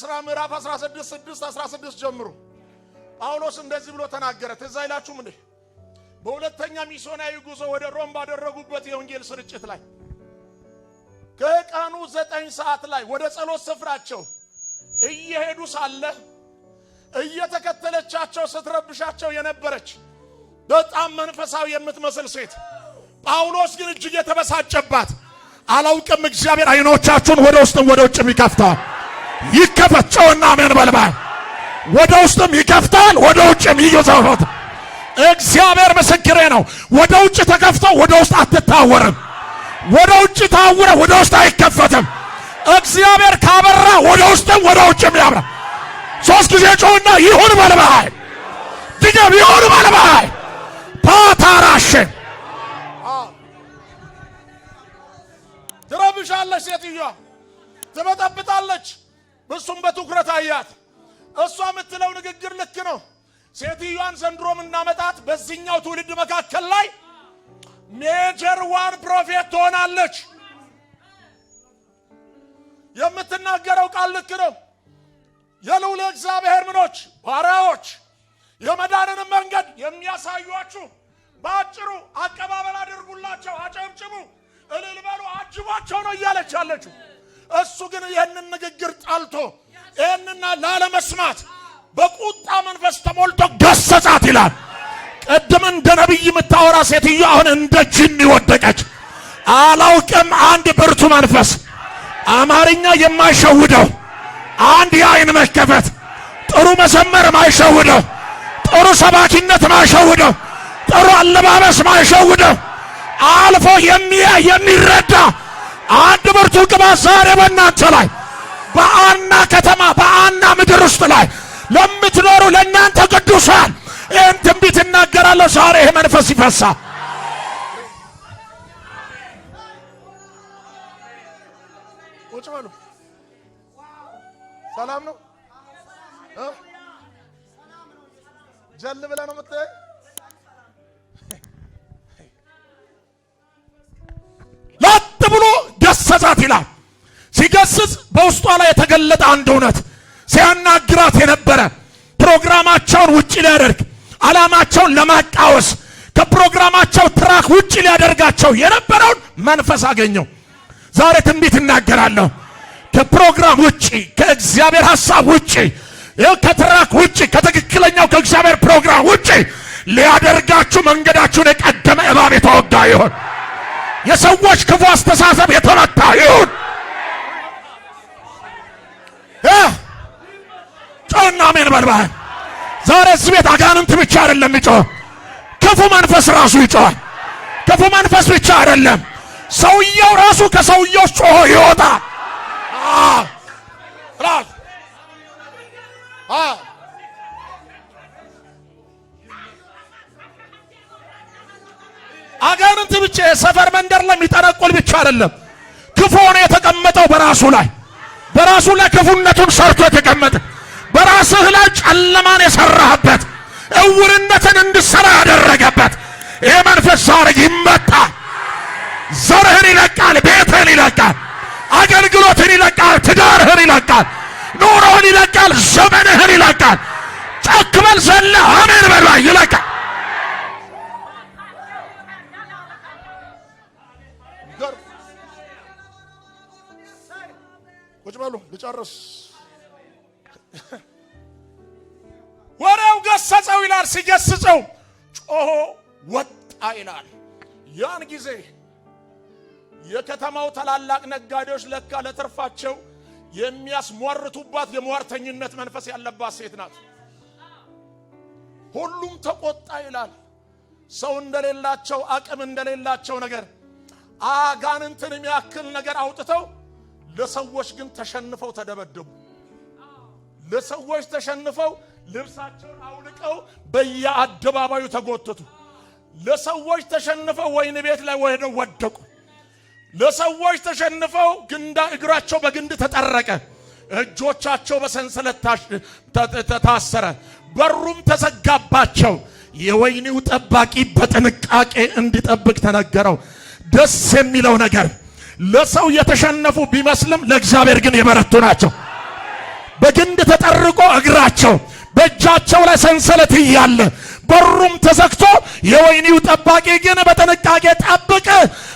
ሥራ ምዕራፍ 16 6 16 ጀምሩ ጳውሎስ እንደዚህ ብሎ ተናገረ። ትዝ አይላችሁም እንዴ? በሁለተኛ ሚስዮናዊ ጉዞ ወደ ሮም ባደረጉበት የወንጌል ስርጭት ላይ ከቀኑ ዘጠኝ ሰዓት ላይ ወደ ጸሎት ስፍራቸው እየሄዱ ሳለ እየተከተለቻቸው ስትረብሻቸው የነበረች በጣም መንፈሳዊ የምትመስል ሴት ጳውሎስ ግን እጅግ የተበሳጨባት አላውቅም። እግዚአብሔር አይኖቻችሁን ወደ ውስጥም ወደ ውጭም ይከፍታል። ይከፈት። ጨውና አሜን በልባል። ወደ ውስጥም ይከፍታል፣ ወደ ውጭም ይዘፈት። እግዚአብሔር ምስክሬ ነው። ወደ ውጭ ተከፍቶ ወደ ውስጥ አትታወርም። ወደ ውጭ ታውረ ወደ ውስጥ አይከፈትም። እግዚአብሔር ካበራ ወደ ውስጥም ወደ ውጭም ያብራ። ሶስት ጊዜ ጮህና ይሁን በልባል። ድገም፣ ይሁን በልባል። ፓታራሽ ትረብሻለች፣ ሴትዮዋ ትበጠብጣለች። እሱም በትኩረት አያት። እሷ የምትለው ንግግር ልክ ነው። ሴትዮዋን ዘንድሮ የምናመጣት በዚህኛው ትውልድ መካከል ላይ ሜጀር ዋን ፕሮፌት ትሆናለች። የምትናገረው ቃል ልክ ነው። የልዑል እግዚአብሔር ምኖች ባሪያዎች፣ የመዳንንም መንገድ የሚያሳዩአችሁ በአጭሩ አቀባበል አድርጉላቸው፣ አጨብጭቡ፣ እልል በሉ፣ አጅቧቸው ነው እያለች አለችው። እሱ ግን ይህንን ንግግር ጣልቶ ይህንና ላለመስማት በቁጣ መንፈስ ተሞልቶ ገሰጻት ይላል። ቅድም እንደ ነቢይ የምታወራ ሴትዮ አሁን እንደ ጅን ወደቀች። አላውቅም አንድ ብርቱ መንፈስ አማርኛ የማይሸውደው አንድ የአይን መከፈት ጥሩ መዘመር ማይሸውደው ጥሩ ሰባኪነት ማይሸውደው ጥሩ አለባበስ ማይሸውደው አልፎ የሚያ የሚረዳ አንድ ብርቱ ቅባት ዛሬ በእናንተ ላይ በአና ከተማ በአና ምድር ውስጥ ላይ ለምትኖሩ ለእናንተ ቅዱሳን ይህን ትንቢት እናገራለሁ። ዛሬ ይህ መንፈስ ይፈሳ። ቁጭ በሉ። ሰላም ነው። ጀል ብለህ ነው የምታይ ለጥ ብሎ ገሰጻት ይላል። ሲገስጽ በውስጧ ላይ የተገለጠ አንድ እውነት ሲያናግራት የነበረ ፕሮግራማቸውን ውጭ ሊያደርግ ዓላማቸውን ለማቃወስ ከፕሮግራማቸው ትራክ ውጭ ሊያደርጋቸው የነበረውን መንፈስ አገኘው። ዛሬ ትንቢት እናገራለሁ። ከፕሮግራም ውጭ፣ ከእግዚአብሔር ሐሳብ ውጭ፣ ከትራክ ውጭ፣ ከትክክለኛው ከእግዚአብሔር ፕሮግራም ውጭ ሊያደርጋችሁ መንገዳችሁን የቀደመ እባብ የተወጋ ይሆን የሰዎች ክፉ አስተሳሰብ የተመታ ይሁን። ጮና አሜን በልባል። ዛሬ እዚህ ቤት አጋንንት ብቻ አይደለም ይጮህ፣ ክፉ መንፈስ ራሱ ይጮሃል። ክፉ መንፈስ ብቻ አይደለም፣ ሰውየው ራሱ ከሰውየው ጮሆ ይወጣል። አጋንንት ብቻ የሰፈር መንደር ለሚጠነቁል ብቻ አይደለም። ክፉ ሆነ የተቀመጠው በራሱ ላይ በራሱ ላይ ክፉነቱን ሰርቶ የተቀመጠ በራስህ ላይ ጨለማን የሰራህበት እውርነትን እንድሰራ ያደረገበት ይሄ መንፈስ ዛሬ ይመታል። ዘርህን ይለቃል፣ ቤትህን ይለቃል፣ አገልግሎትን ይለቃል፣ ትዳርህን ይለቃል፣ ኑሮህን ይለቃል፣ ዘመንህን ይለቃል። ጨክመል ዘለ አሜን በላይ ይለቃል። በሉ ልጨርስ። ወሬው ገሰጸው ይላል። ሲገስጸው ጮሆ ወጣ ይላል። ያን ጊዜ የከተማው ታላላቅ ነጋዴዎች ለካ ለትርፋቸው የሚያስሟርቱባት የሟርተኝነት መንፈስ ያለባት ሴት ናት። ሁሉም ተቆጣ ይላል። ሰው እንደሌላቸው አቅም እንደሌላቸው ነገር አጋንንትን የሚያክል ነገር አውጥተው ለሰዎች ግን ተሸንፈው ተደበደቡ። ለሰዎች ተሸንፈው ልብሳቸውን አውልቀው በየአደባባዩ ተጎተቱ። ለሰዎች ተሸንፈው ወይን ቤት ላይ ወደው ወደቁ። ለሰዎች ተሸንፈው ግንዳ እግራቸው በግንድ ተጠረቀ። እጆቻቸው በሰንሰለት ተታሰረ። በሩም ተዘጋባቸው። የወይኒው ጠባቂ በጥንቃቄ እንዲጠብቅ ተነገረው። ደስ የሚለው ነገር ለሰው የተሸነፉ ቢመስልም ለእግዚአብሔር ግን የበረቱ ናቸው። በግንድ ተጠርቆ እግራቸው በእጃቸው ላይ ሰንሰለት እያለ በሩም ተዘግቶ የወይኒው ጠባቂ ግን በጥንቃቄ ጠብቅ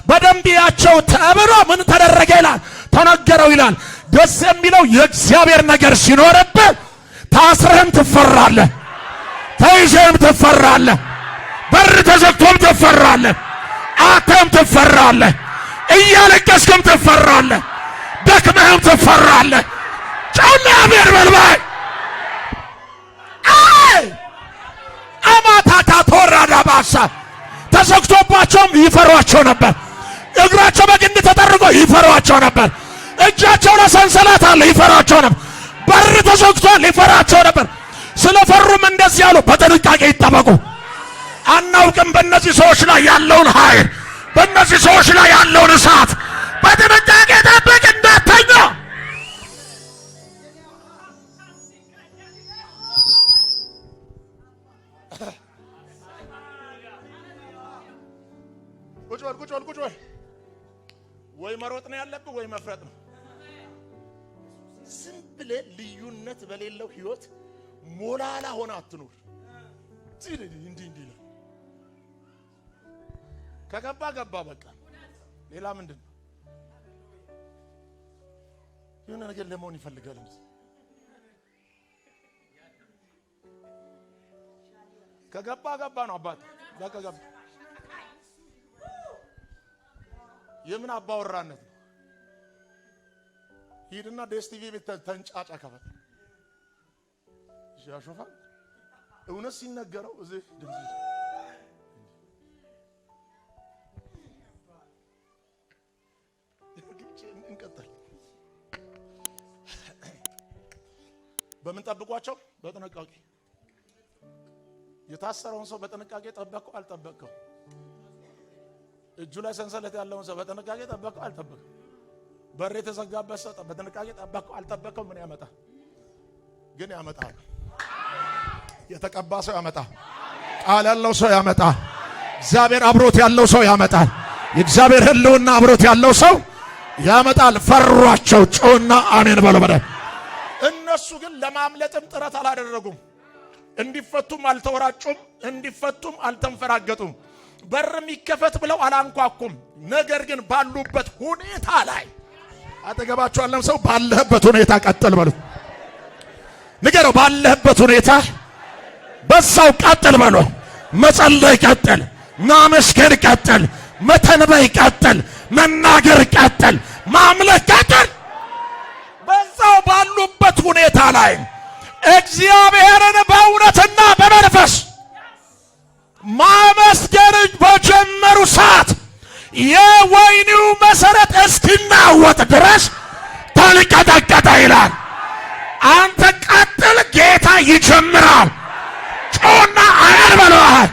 በደንብያቸው ተብሎ ምን ተደረገ ይላል ተነገረው ይላል። ደስ የሚለው የእግዚአብሔር ነገር ሲኖርብ ታስረህም ትፈራለህ፣ ተይዘህም ትፈራለህ፣ በር ተዘግቶም ትፈራለህ፣ አተም ትፈራለህ። እያለቀስክም ትፈራለህ፣ ደክመህም ትፈራለህ። ጨውና አሜን በልባይ አይ አማታታ ተወራዳ ባሳ ተዘግቶባቸውም ይፈሯቸው ነበር። እግራቸው በግንድ ተጠርጎ ይፈሯቸው ነበር። እጃቸው ለሰንሰለት አለ ይፈሯቸው ነበር። በር ተዘግቷል ይፈራቸው ነበር። ስለፈሩም እንደዚህ ያሉ በጥንቃቄ ይጠበቁ። አናውቅም በእነዚህ ሰዎች ላይ ያለውን ኃይል በእነዚህ ሰዎች ላይ ያለውን እሳት በጥንቃቄ ጠብቅ፣ እንዳተኛ ቁጭ በል ቁጭ በል ቁጭ በል። ወይ መሮጥ ነው ያለብህ ወይ መፍረጥ ነው። ዝም ብለህ ልዩነት በሌለው ህይወት ሞላላ ሆነ አትኑር። እንዲህ እንዲህ ከገባ ገባ፣ በቃ ሌላ ምንድን ነው? የሆነ ነገር ለመሆን ይፈልጋል። ከገባ ገባ ነው። አባት በቃ ገባ። የምን አባወራነት ነው? ሂድና ዴስቲቪ ቤት ተንጫጫ። ከፈት ያሾፋል። እውነት ሲነገረው እዚህ ድምፅ በምን ጠብቋቸው? በጥንቃቄ የታሰረውን ሰው በጥንቃቄ ጠበቀው አልጠበቀው? እጁ ላይ ሰንሰለት ያለውን ሰው በጥንቃቄ ጠበቀው አልጠበቀው? በር የተዘጋበት ሰው በጥንቃቄ ጠበቀው አልጠበቀው? ምን ያመጣ ግን ያመጣል። የተቀባ ሰው ያመጣል። ቃል ያለው ሰው ያመጣል። እግዚአብሔር አብሮት ያለው ሰው ያመጣል። የእግዚአብሔር ሕልውና አብሮት ያለው ሰው ያመጣል። ፈሯቸው። ጮና አሜን በሎ በደ እነሱ ግን ለማምለጥም ጥረት አላደረጉም። እንዲፈቱም አልተወራጩም፣ እንዲፈቱም አልተንፈራገጡም። በር የሚከፈት ብለው አላንኳኩም። ነገር ግን ባሉበት ሁኔታ ላይ አጠገባቸዋለም። ሰው ባለህበት ሁኔታ ቀጥል በሉ። ንገረው፣ ባለህበት ሁኔታ በዛው ቀጥል በሉ። መጸለይ ቀጥል፣ ማመስገን ቀጥል፣ መተንበይ ቀጥል፣ መናገር ቀጥል፣ ማምለክ ቀጥል በዛው ሁኔታ ላይ እግዚአብሔርን በእውነትና በመንፈስ ማመስገን በጀመሩ ሰዓት የወይኒው መሰረት እስኪናወጥ ድረስ ተንቀጠቀጠ ይላል። አንተ ቀጥል፣ ጌታ ይጀምራል። ጮና አያል በለዋል።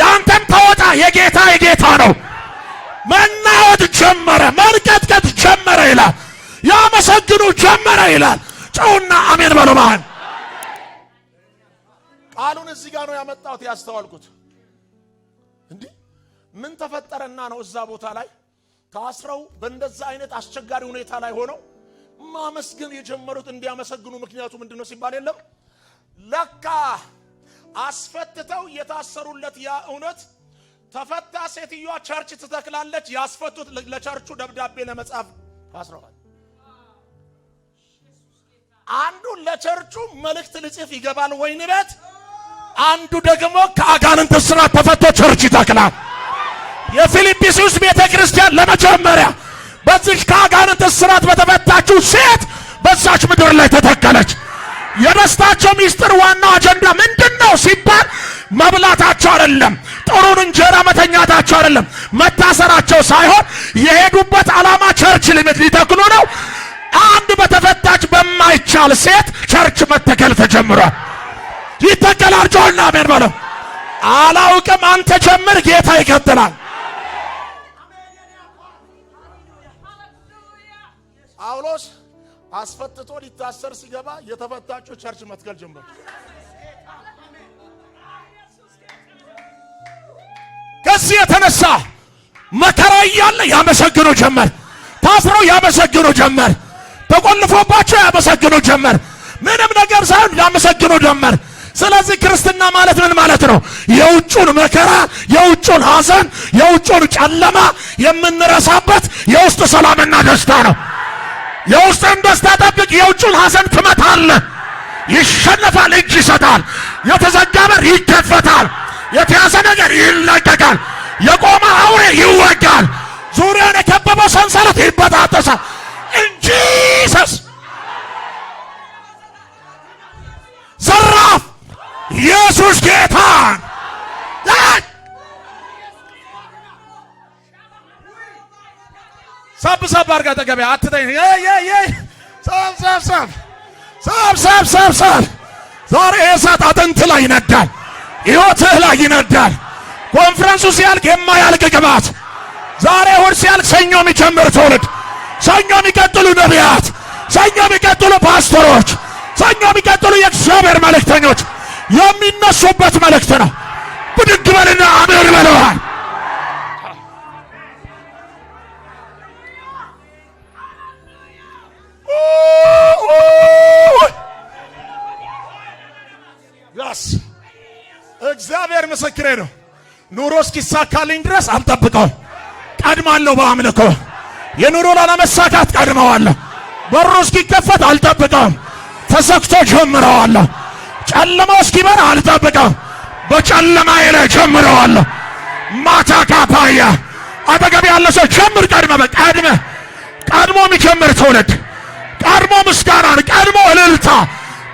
ያንተም ተወጣ የጌታ የጌታ ነው። መናወጥ ጀመረ፣ መንቀጥቀጥ ጀመረ ይላል። ያመሰግኑ ጀመረ ይላል። ጩውና አሜን በለው። ባህል ቃሉን እዚህ ጋር ነው ያመጣሁት ያስተዋልኩት። እንዲህ ምን ተፈጠረና ነው እዛ ቦታ ላይ ታስረው በእንደዛ አይነት አስቸጋሪ ሁኔታ ላይ ሆነው ማመስገን የጀመሩት? እንዲያመሰግኑ ምክንያቱ ምንድነው ሲባል የለም ለካ አስፈትተው የታሰሩለት ያ እውነት ተፈታ ሴትዮዋ ቸርች ትተክላለች። ያስፈቱት ለቸርቹ ደብዳቤ ለመጻፍ ታስረዋል። አንዱ ለቸርቹ መልእክት ልጽፍ ይገባል ወይን ቤት፣ አንዱ ደግሞ ከአጋንንት ስራ ተፈቶ ቸርች ይተክላል። የፊልጵስዩስ ቤተ ክርስቲያን ለመጀመሪያ በዚህ ከአጋንንት ስራት በተፈታችው ሴት በዛች ምድር ላይ ተተከለች። የደስታቸው ሚስጥር ዋናው አጀንዳ ምንድን ነው ሲባል መብላታቸው አይደለም፣ ጥሩን እንጀራ መተኛታቸው አይደለም፣ መታሰራቸው ሳይሆን የሄዱበት ዓላማ ቸርች ሊተክሉ ነው። አንድ በተፈታች በማይቻል ሴት ቸርች መተከል ተጀምሯል። ይተከላል። ጮና አሜን በለው። አላውቅም አንተ ጀምር፣ ጌታ ይቀጥላል። ጳውሎስ አስፈትቶ ሊታሰር ሲገባ የተፈታችው ቸርች መትከል ጀምሯል። ከዚህ የተነሳ መከራ እያለ ያመሰግኑ ጀመር። ታስሮ ያመሰግኑ ጀመር። ተቆልፎባቸው ያመሰግኑ ጀመር። ምንም ነገር ሳይሆን ያመሰግኑ ጀመር። ስለዚህ ክርስትና ማለት ምን ማለት ነው? የውጩን መከራ፣ የውጩን ሐዘን፣ የውጩን ጨለማ የምንረሳበት የውስጥ ሰላምና ደስታ ነው። የውስጥን ደስታ ጠብቅ፣ የውጩን ሐዘን አለ ይሸነፋል፣ እጅ ይሰጣል። የተዘጋ በር ይከፈታል። የተያዘ ነገር ይለቀቃል። የቆመ አውሬ ይወጋል። ዙሪያን የከበበው ሰንሰለት ይበጣጠሳል። እንጂሰስ ዘራፍ ኢየሱስ ጌታ ሰብ ሰብ አድርጋ አጠገቢያ አትተኝ። ዛሬ እሳት አጥንት ላይ ይነዳል፣ ሕይወትህ ላይ ይነዳል። ኮንፈረንሱ ሲያልቅ የማያልቅ ቅባት ዛሬ እሑድ ሲያልቅ ሰኞ የሚጀምር ትውልድ ሰኞ የሚቀጥሉ ነቢያት፣ ሰኞ የሚቀጥሉ ፓስተሮች፣ ሰኞ የሚቀጥሉ የእግዚአብሔር መልእክተኞች የሚነሱበት መልእክት ነው። ብድግ በልና አሜን በለዋል። ያስ እግዚአብሔር ምስክሬ ነው። ኑሮ እስኪሳካልኝ ድረስ አልጠብቀው፣ ቀድማለሁ በአምልኮ የኑሮ ላለመሳካት ቀድመዋለሁ። በሩ እስኪከፈት አልጠብቀም። ተሰክቶ ጀምረዋለሁ። ጨለማው እስኪበር አልጠብቀም። በጨለማ ላይ ጀምረዋለሁ። ማታ ካፓያ አጠገብ ያለ ሰው ጀምር። ቀድመ በቀድመ ቀድሞ የሚጀምር ትውልድ፣ ቀድሞ ምስጋናን፣ ቀድሞ እልልታ፣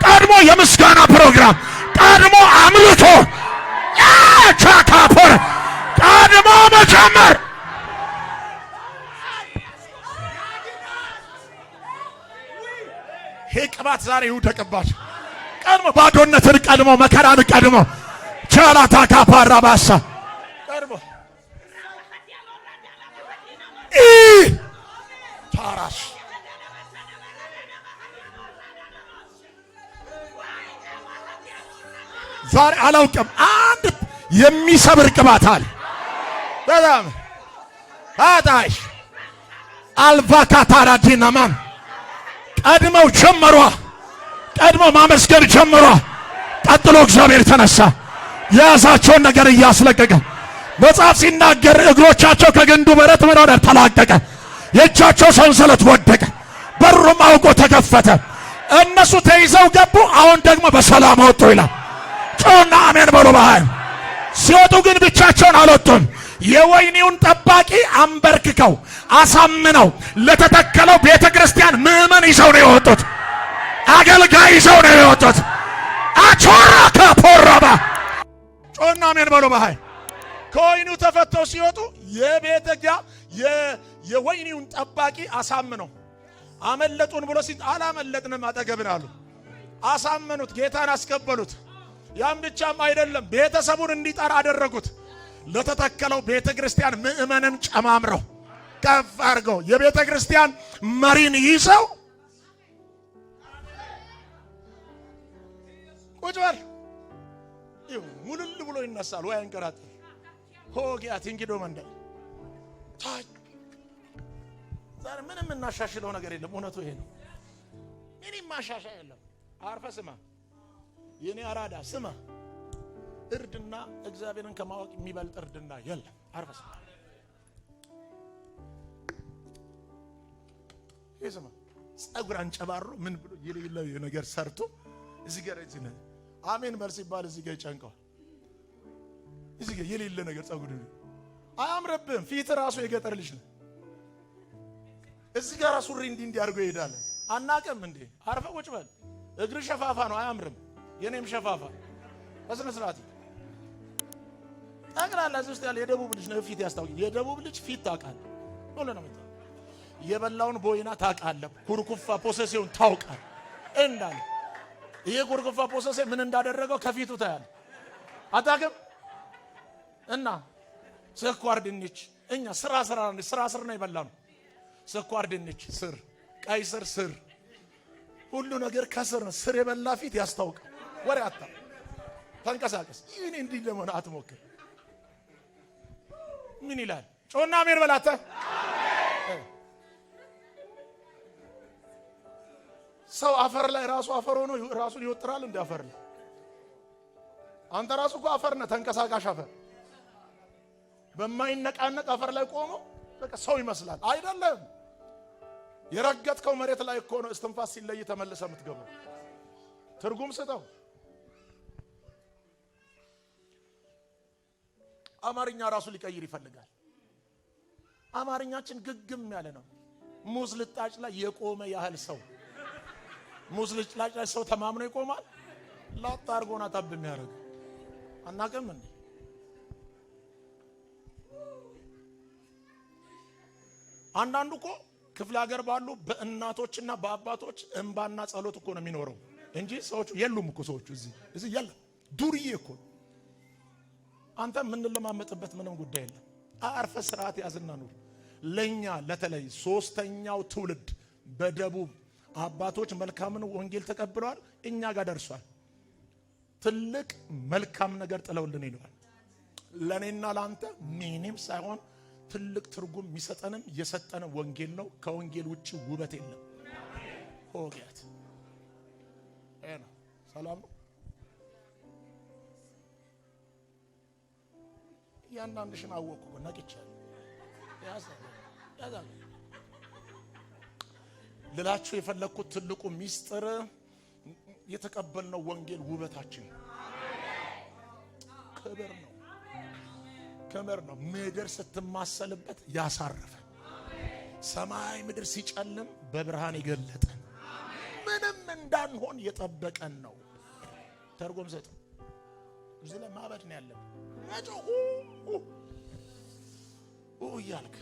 ቀድሞ የምስጋና ፕሮግራም፣ ቀድሞ አምልቶ ቻካፖር፣ ቀድሞ መጀመር ቅባት ዛሬ ይሁን ተቀባሽ ቀድሞ ባዶነትን ቀድሞ መከራን ቀድሞ ቻላታ ካፓራ ባሳ ቀድሞ ኢ ታራሽ ዛሬ አላውቅም አንድ የሚሰብር ቅባት አለ። በጣም አጣሽ አልቫካታራ ዲናማን ቀድመው ጀመሯ። ቀድመው ማመስገን ጀመሯ። ቀጥሎ እግዚአብሔር ተነሳ፣ የያዛቸውን ነገር እያስለቀቀ መጽሐፍ ሲናገር እግሮቻቸው ከግንዱ ብረት ምን ተላቀቀ። የእጃቸው ሰንሰለት ወደቀ። በሩም አውቆ ተከፈተ። እነሱ ተይዘው ገቡ፣ አሁን ደግሞ በሰላም ወጡ ይላል። ጮና አሜን በሉ። ሲወጡ ግን ብቻቸውን አልወጡም። የወይኒውን ጠባቂ አንበርክከው አሳምነው ለተተከለው ቤተ ክርስቲያን ምዕመን ይዘው ነው የወጡት። አገልጋይ ይዘው ነው የወጡት። አቾራ ከፖራባ ጮና ሜን በሎ ባሃይ ከወይኒው ተፈተው ሲወጡ የቤተ የወይኒውን ጠባቂ አሳምነው አመለጡን ብሎ ሲ አላመለጥንም አጠገብን አሉ። አሳመኑት፣ ጌታን አስቀበሉት። ያም ብቻም አይደለም ቤተሰቡን እንዲጠራ አደረጉት። ለተተከለው ቤተ ክርስቲያን ምእመንን ጨማምረው ከፍ አድርገው የቤተ ክርስቲያን መሪን ይዘው ቁጭ በል ሙልል ብሎ ይነሳል ወይ አንቀራት ሆጊያ ቲንጊዶ መንደ ዛሬ ምንም የምናሻሽለው ነገር የለም። እውነቱ ይሄ ነው። ምንም ማሻሻያ የለም። አርፈ ስማ የኔ አራዳ ስማ እርድና እግዚአብሔርን ከማወቅ የሚበልጥ እርድና የለም። አርፈስ ይህ ስማ ጸጉር አንጨባሮ ምን ብሎ የሌለው ነገር ሰርቶ እዚህ ጋር እዚህ ነ አሜን በል ሲባል እዚህ ጋር ይጨንቀዋል። እዚህ ጋር የሌለ ነገር ጸጉር አያምርብህም። ፊት ራሱ የገጠር ልጅ ነው። እዚህ ጋር ሱሪ እንዲህ እንዲህ አድርጎ ይሄዳል። አናቅም እንዴ! አርፈ ቁጭ በል። እግር ሸፋፋ ነው፣ አያምርም። የኔም ሸፋፋ በስነ ስርዓት ጠቅላላ እዚህ ውስጥ ያለ የደቡብ ልጅ ነው። ፊት ያስታውቅ። የደቡብ ልጅ ፊት ታውቃለህ፣ ቶሎ ነው የምታውቅ። የበላውን ቦይና ታውቃለህ፣ ኩርኩፋ ፖሰሴውን ታውቃለህ። እንዳለ ይሄ ኩርኩፋ ፖሰሴ ምን እንዳደረገው ከፊቱ ታያለህ። አታውቅም እና ስኳር ድንች እኛ ስራ ስራ ስራ ስር ነው የበላነው። ስኳር ድንች ስር፣ ቀይ ስር ስር፣ ሁሉ ነገር ከስር ነው። ስር የበላ ፊት ያስታውቃል። ወሬ አታ ተንቀሳቀስ። ይህን እንዲህ ለመሆን አትሞክር። ምን ይላል? ጮና አሜን በላተ ሰው አፈር ላይ ራሱ አፈር ሆኖ ራሱን ይወጥራል። እንደ አፈር ላይ አንተ ራሱ እኮ አፈር ነህ፣ ተንቀሳቃሽ አፈር። በማይነቃነቅ አፈር ላይ ቆሞ በቃ ሰው ይመስላል። አይደለም የረገጥከው መሬት ላይ እኮ ነው እስትንፋስ ሲለይ ተመልሰ የምትገባው። ትርጉም ስጠው። አማርኛ ራሱ ሊቀይር ይፈልጋል። አማርኛችን ግግም ያለ ነው። ሙዝ ልጣጭ ላይ የቆመ ያህል ሰው ሙዝ ልጣጭ ላይ ሰው ተማምኖ ይቆማል። ላጣ አርጎና ታብ የሚያደርግ አናቅም እንዴ? አንዳንዱ እኮ ክፍለ ሀገር ባሉ በእናቶችና በአባቶች እንባና ጸሎት እኮ ነው የሚኖረው እንጂ ሰዎቹ የሉም እኮ ሰዎቹ እዚህ እዚህ የለም። ዱርዬ እኮ አንተ የምንለማመጥበት ምንም ጉዳይ የለም። አርፈ ስርዓት ያዝና ኑር። ለእኛ ለተለይ ሶስተኛው ትውልድ በደቡብ አባቶች መልካምን ወንጌል ተቀብለዋል፣ እኛ ጋር ደርሷል። ትልቅ መልካም ነገር ጥለውልን ይለዋል። ለእኔና ለአንተ ሚኒም ሳይሆን ትልቅ ትርጉም የሚሰጠንም የሰጠንም ወንጌል ነው። ከወንጌል ውጭ ውበት የለም። ሆጌያት ሰላም ነው። እያንዳንድሽን አወቅኩ እኮ ነቅቻለሁ። ልላችሁ የፈለግኩት ትልቁ ሚስጥር የተቀበልነው ወንጌል ውበታችን ክብር ነው። ክብር ነው። ምድር ስትማሰልበት ያሳረፈ፣ ሰማይ ምድር ሲጨልም በብርሃን የገለጠ፣ ምንም እንዳንሆን የጠበቀን ነው። ተርጎም ሰጥ እዚህ ማበድ ነው ያለብን። እያልክ